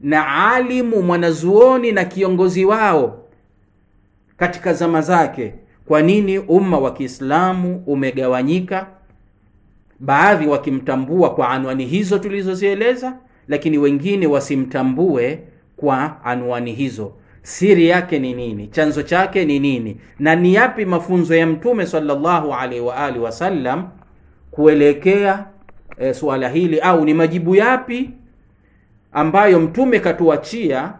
na alimu mwanazuoni na kiongozi wao katika zama zake kwa nini umma wa Kiislamu umegawanyika? Baadhi wakimtambua kwa anwani hizo tulizozieleza, lakini wengine wasimtambue kwa anwani hizo. Siri yake ni nini? Chanzo chake ni nini? Na ni yapi mafunzo ya Mtume sallallahu alaihi wa wasallam kuelekea e, suala hili, au ni majibu yapi ambayo Mtume katuachia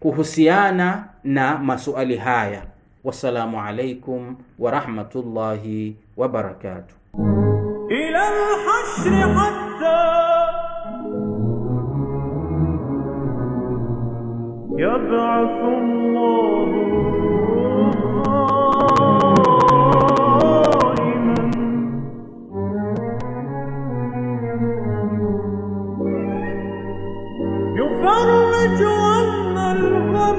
kuhusiana na masuali haya? والسلام عليكم ورحمة الله وبركاته إلى الحشر حتى يبعث الله يفرج عنا الهم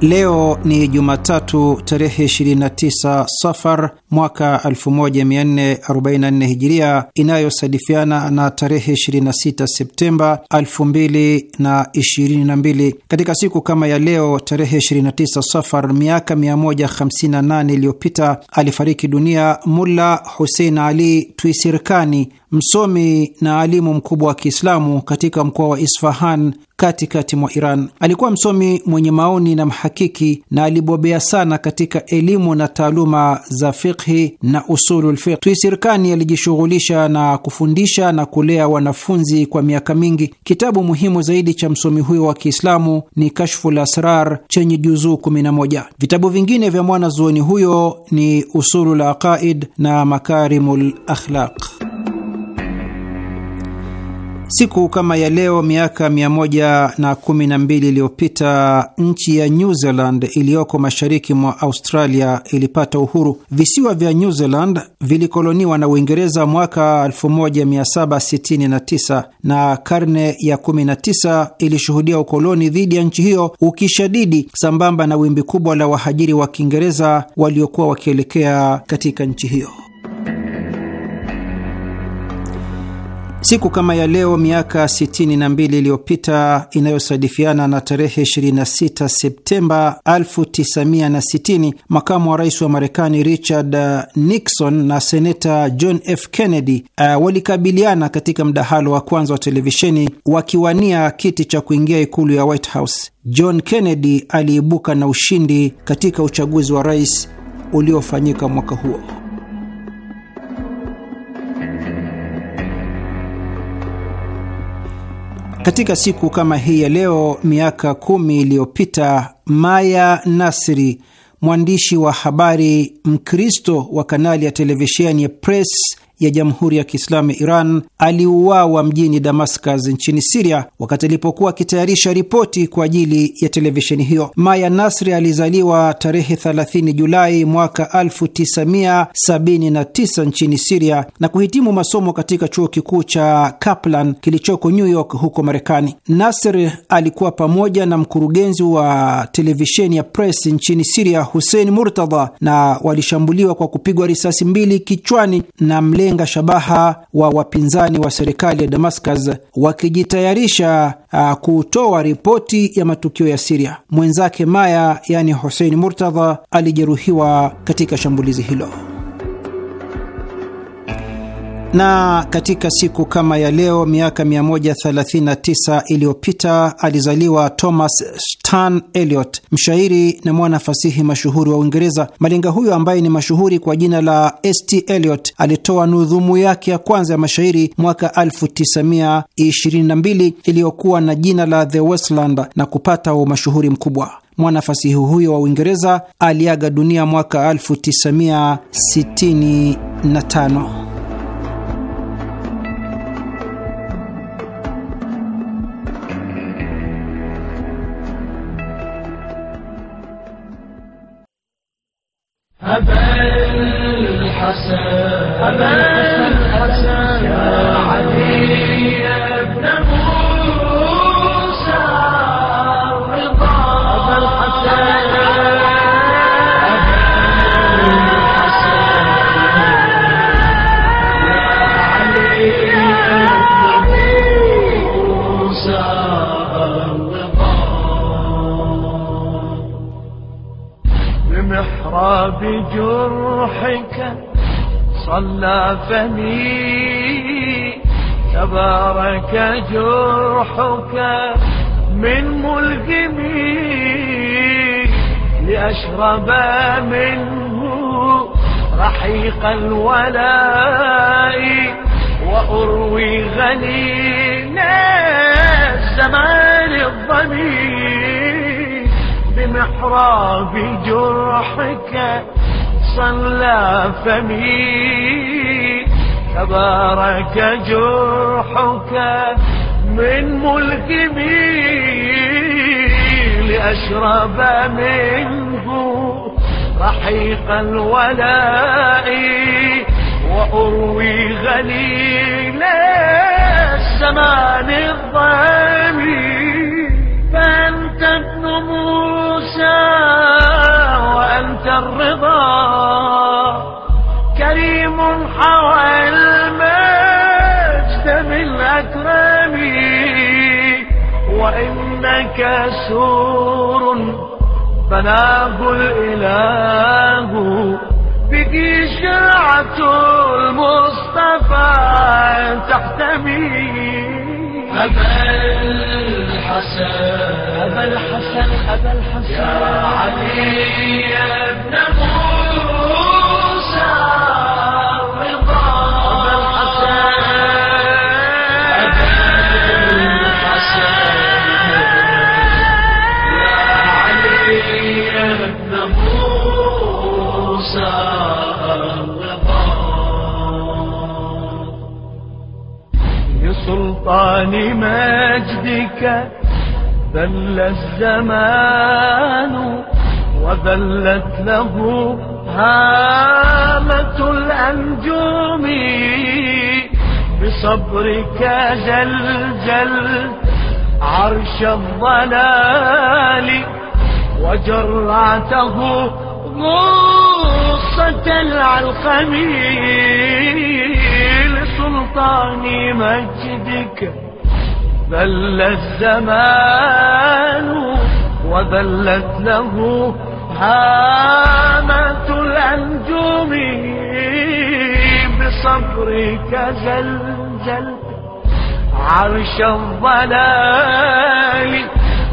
Leo ni Jumatatu tarehe 29 Safar mwaka 1444 Hijiria, inayosadifiana na tarehe 26 Septemba 2022. Katika siku kama ya leo tarehe 29 Safar miaka 158 iliyopita alifariki dunia Mulla Husein Ali Twisirkani, msomi na alimu mkubwa wa Kiislamu katika mkoa wa Isfahan katikati mwa Iran. Alikuwa msomi mwenye maoni na mhakiki na alibobea sana katika elimu na taaluma za fiqhi na usulul fiqh. Tuisirkani alijishughulisha na kufundisha na kulea wanafunzi kwa miaka mingi. Kitabu muhimu zaidi cha msomi huyo wa Kiislamu ni Kashful Asrar chenye juzuu 11. Vitabu vingine vya mwanazuoni huyo ni Usulul Aqaid na Makarimul Akhlaq. Siku kama ya leo miaka 112 iliyopita nchi ya New Zealand iliyoko mashariki mwa Australia ilipata uhuru. Visiwa vya New Zealand vilikoloniwa na Uingereza mwaka 1769 na karne ya 19 ilishuhudia ukoloni dhidi ya nchi hiyo ukishadidi, sambamba na wimbi kubwa la wahajiri wa Kiingereza waliokuwa wakielekea katika nchi hiyo. Siku kama ya leo miaka 62 iliyopita inayosadifiana na tarehe 26 Septemba 1960, makamu wa rais wa Marekani Richard uh, Nixon na seneta John F. Kennedy uh, walikabiliana katika mdahalo wa kwanza wa televisheni wakiwania kiti cha kuingia ikulu ya White House. John Kennedy aliibuka na ushindi katika uchaguzi wa rais uliofanyika mwaka huo. Katika siku kama hii ya leo miaka kumi iliyopita Maya Nasri, mwandishi wa habari Mkristo wa kanali ya televisheni ya Press ya Jamhuri ya Kiislamu ya Iran aliuawa mjini Damascus nchini Siria wakati alipokuwa akitayarisha ripoti kwa ajili ya televisheni hiyo. Maya Nasri alizaliwa tarehe 30 Julai mwaka 1979 nchini Siria na kuhitimu masomo katika chuo kikuu cha Kaplan kilichoko New York huko Marekani. Nasr alikuwa pamoja na mkurugenzi wa televisheni ya Press nchini Siria, Hussein Murtadha, na walishambuliwa kwa kupigwa risasi mbili kichwani na mlengo kujenga shabaha wa wapinzani wa serikali ya Damascus wakijitayarisha uh, kutoa ripoti ya matukio ya Siria. Mwenzake Maya, yani Hussein Murtadha, alijeruhiwa katika shambulizi hilo na katika siku kama ya leo miaka 139 iliyopita alizaliwa Thomas Stan Eliot, mshairi na mwanafasihi mashuhuri wa Uingereza. Malenga huyo ambaye ni mashuhuri kwa jina la St Eliot alitoa nudhumu yake ya kwanza ya mashairi mwaka 1922 iliyokuwa na jina la The Westland na kupata umashuhuri mkubwa. Mwanafasihi huyo wa Uingereza aliaga dunia mwaka 1965. أبا الحسن أبا بجرحك صلى فمي تبارك جرحك من ملغمي لأشرب منه رحيق الولاء وأروي غنينا الزمان الضمير المحراب جرحك صلى فمي تبارك جرحك من ملهمي لأشرب منه رحيق الولاء وأروي غليل الزمان الظمي أنت ابن موسى وأنت الرضا كريم حوى المجد بالأكرم وإنك سور بناه الإله بك شرعة المصطفى تحتمي أبا الحسن أبا الحسن أبا الحسن يا علي يا ابن أبوه سلطان مجدك ذل الزمان وذلت له هامة الأنجوم بصبرك زلزل عرش الضلال وجرعته غصة العلقمين سلطان مجدك بل الزمان وبلت له هامة الأنجوم بصبرك زلزل عرش الضلال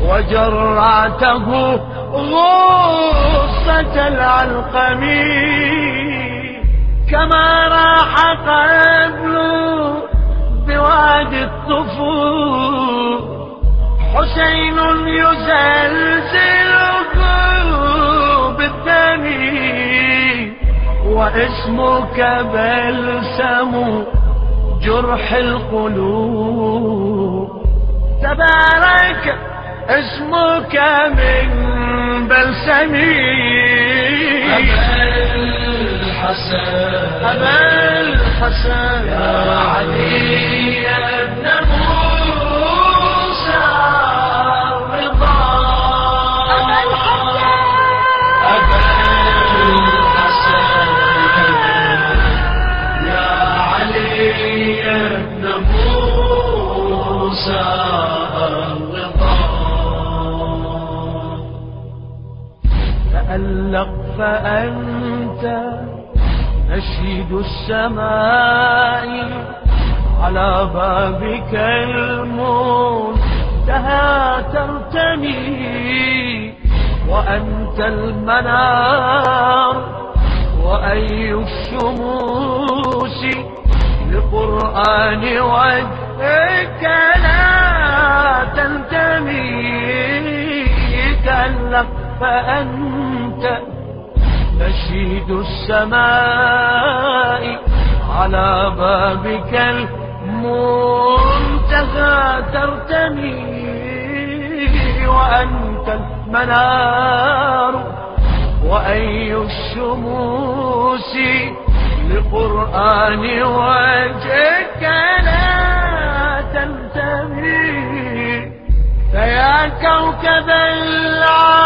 وجرعته غصة العلقمين كما راح قبله بوادي الطفول حسين يزلزل بالثاني واسمك بلسم جرح القلوب تبارك اسمك من بلسمي الحسن أبا الحسن يا علي ابن موسى الرضا أبا الحسن يا علي ابن موسى الرضا تألق فأنت نشيد السماء على بابك المنتهى ترتمي وأنت المنار وأي الشموس لقرآن وجهك لا تنتمي تألق فأنت تشهد السماء على بابك المنتهى ترتمي وأنت المنار وأي الشموس لقرآن وجهك لا تنتهي فيا كوكب العالم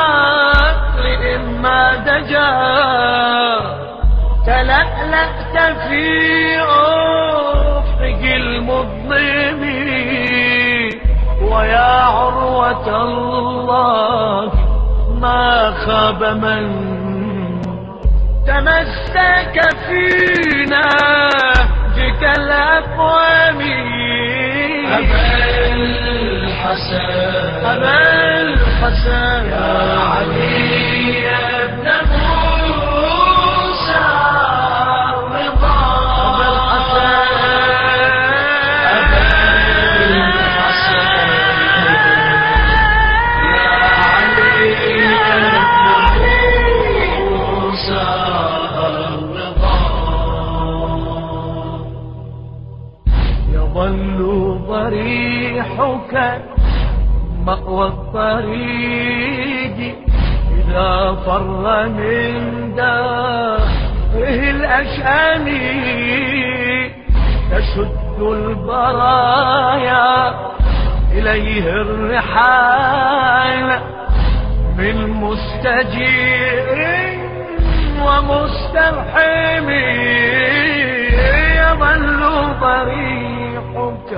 ما دجا تلألأت في أفق المظلم ويا عروة الله ما خاب من تمسك فينا جك الأقوام الحسن أبا الحسن يا علي ابن موسى رضا أبا الحسن أبا الحسن يا علي ابن موسى رضا يظل ضريحك مأوى الطريق إذا فر من داره الأشأني تشد البرايا إليه الرحال من مستجير ومسترحم يظل طريقك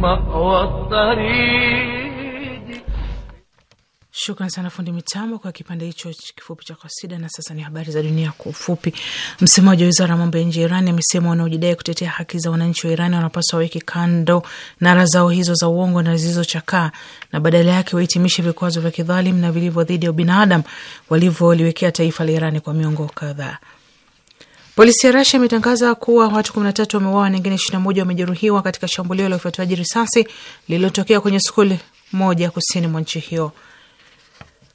مأوى الطريق Shukran sana fundi mitambo kwa kipande hicho kifupi cha kasida. Na sasa ni habari za dunia kwa ufupi. Msemaji wa wizara ya mambo ya nje ya Irani amesema wanaojidai kutetea haki za wananchi wa Irani wanapaswa waweke kando nara zao hizo za uongo na zilizochakaa, na badala yake wahitimishe vikwazo vya kidhalimu na vilivyo dhidi ya ubinadamu walivyoliwekea taifa la Irani kwa miongo kadhaa. Polisi ya Rasia imetangaza kuwa watu 13 wameuawa na wengine 21 wamejeruhiwa katika shambulio la ufuatiaji risasi lililotokea kwenye skuli moja kusini mwa nchi hiyo.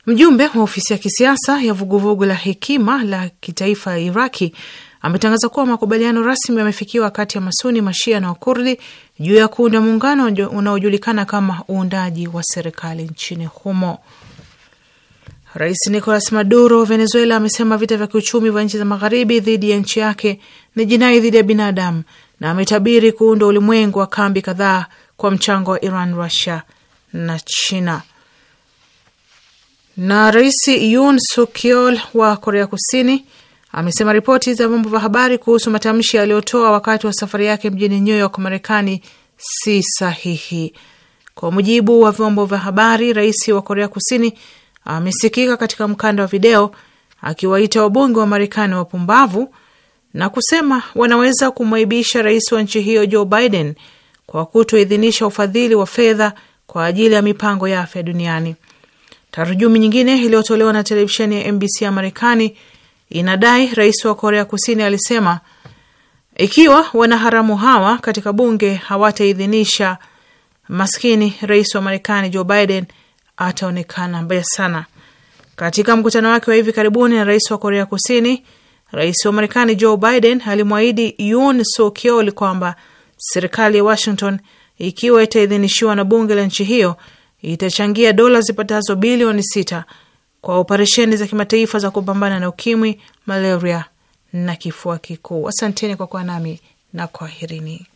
Mjumbe wa ofisi ya kisiasa ya vuguvugu la hekima la kitaifa ya Iraki ametangaza kuwa makubaliano rasmi yamefikiwa kati ya Masuni, Mashia na Wakurdi juu ya kuunda muungano unaojulikana kama uundaji wa serikali nchini humo. Rais Nicolas Maduro Venezuela amesema vita vya kiuchumi vya nchi za magharibi dhidi ya nchi yake ni jinai dhidi ya binadamu na ametabiri kuundwa ulimwengu wa kambi kadhaa kwa mchango wa Iran, rusia na China. Na Rais Yoon Suk Yeol wa Korea Kusini amesema ripoti za vyombo vya habari kuhusu matamshi aliyotoa wakati wa safari yake mjini New York, Marekani si sahihi. Kwa mujibu wa vyombo vya habari, rais wa Korea Kusini amesikika katika mkanda wa video akiwaita wabunge wa Marekani wapumbavu na kusema wanaweza kumwaibisha rais wa nchi hiyo Joe Biden kwa kutoidhinisha ufadhili wa fedha kwa ajili ya mipango ya afya duniani. Tarjumi nyingine iliyotolewa na televisheni ya MBC ya Marekani inadai rais wa Korea Kusini alisema ikiwa wanaharamu hawa katika bunge hawataidhinisha, maskini rais wa Marekani Joe Biden ataonekana mbaya sana. Katika mkutano wake wa hivi karibuni na rais wa Korea Kusini, rais wa Marekani Joe Biden alimwahidi Yoon Suk Yeol kwamba serikali ya Washington, ikiwa itaidhinishiwa na bunge la nchi hiyo, itachangia dola zipatazo bilioni sita kwa operesheni za kimataifa za kupambana na ukimwi, malaria na kifua kikuu. Asanteni kwa kuwa nami na kwaherini.